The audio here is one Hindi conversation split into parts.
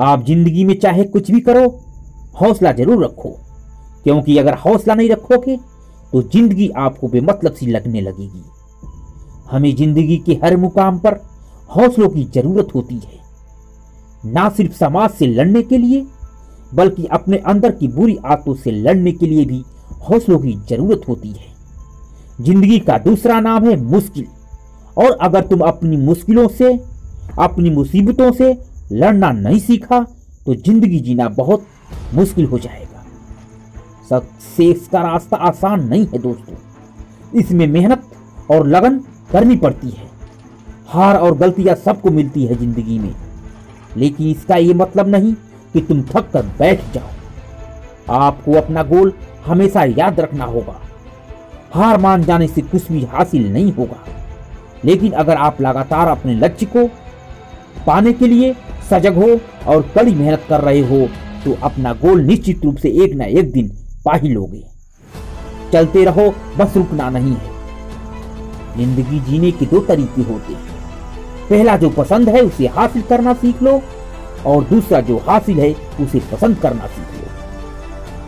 आप जिंदगी में चाहे कुछ भी करो हौसला जरूर रखो क्योंकि अगर हौसला नहीं रखोगे तो जिंदगी आपको बेमतलब सी लगने लगेगी हमें जिंदगी के हर मुकाम पर हौसलों की जरूरत होती है ना सिर्फ समाज से लड़ने के लिए बल्कि अपने अंदर की बुरी आदतों से लड़ने के लिए भी हौसलों की जरूरत होती है जिंदगी का दूसरा नाम है मुश्किल और अगर तुम अपनी मुश्किलों से अपनी मुसीबतों से लड़ना नहीं सीखा तो जिंदगी जीना बहुत मुश्किल हो जाएगा सक्सेस का रास्ता आसान नहीं है दोस्तों इसमें मेहनत और लगन करनी पड़ती है हार और गलतियां सबको मिलती है जिंदगी में लेकिन इसका ये मतलब नहीं कि तुम थक कर बैठ जाओ आपको अपना गोल हमेशा याद रखना होगा हार मान जाने से कुछ भी हासिल नहीं होगा लेकिन अगर आप लगातार अपने लक्ष्य को पाने के लिए सजग हो और कड़ी मेहनत कर रहे हो तो अपना गोल निश्चित रूप से एक ना एक दिन पा ही लोगे चलते रहो बस रुकना नहीं है जिंदगी जीने के दो तरीके होते हैं पहला जो पसंद है उसे हासिल करना सीख लो और दूसरा जो हासिल है उसे पसंद करना सीख लो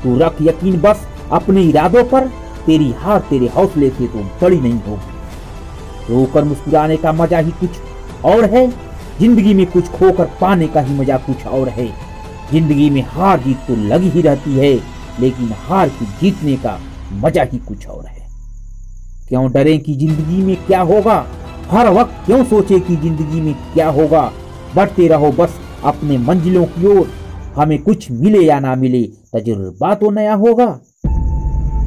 तो रख यकीन बस अपने इरादों पर तेरी हार तेरे हौसले से तो बड़ी नहीं होगी रोकर मुस्कुराने का मजा ही कुछ और है जिंदगी में कुछ खोकर पाने का ही मजा कुछ और है जिंदगी में हार जीत तो लग ही रहती है लेकिन हार की जीतने का मजा ही कुछ और है क्यों डरे कि जिंदगी में क्या होगा हर वक्त क्यों सोचे कि जिंदगी में क्या होगा बढ़ते रहो बस अपने मंजिलों की ओर हमें कुछ मिले या ना मिले तजुर्बा तो नया होगा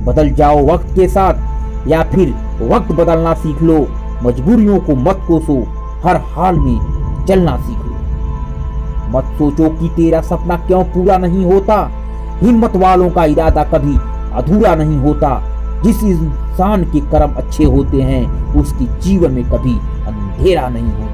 बदल जाओ वक्त के साथ या फिर वक्त बदलना सीख लो मजबूरियों को मत कोसो हर हाल में चलना सीखो मत सोचो कि तेरा सपना क्यों पूरा नहीं होता हिम्मत वालों का इरादा कभी अधूरा नहीं होता जिस इंसान के कर्म अच्छे होते हैं उसके जीवन में कभी अंधेरा नहीं होता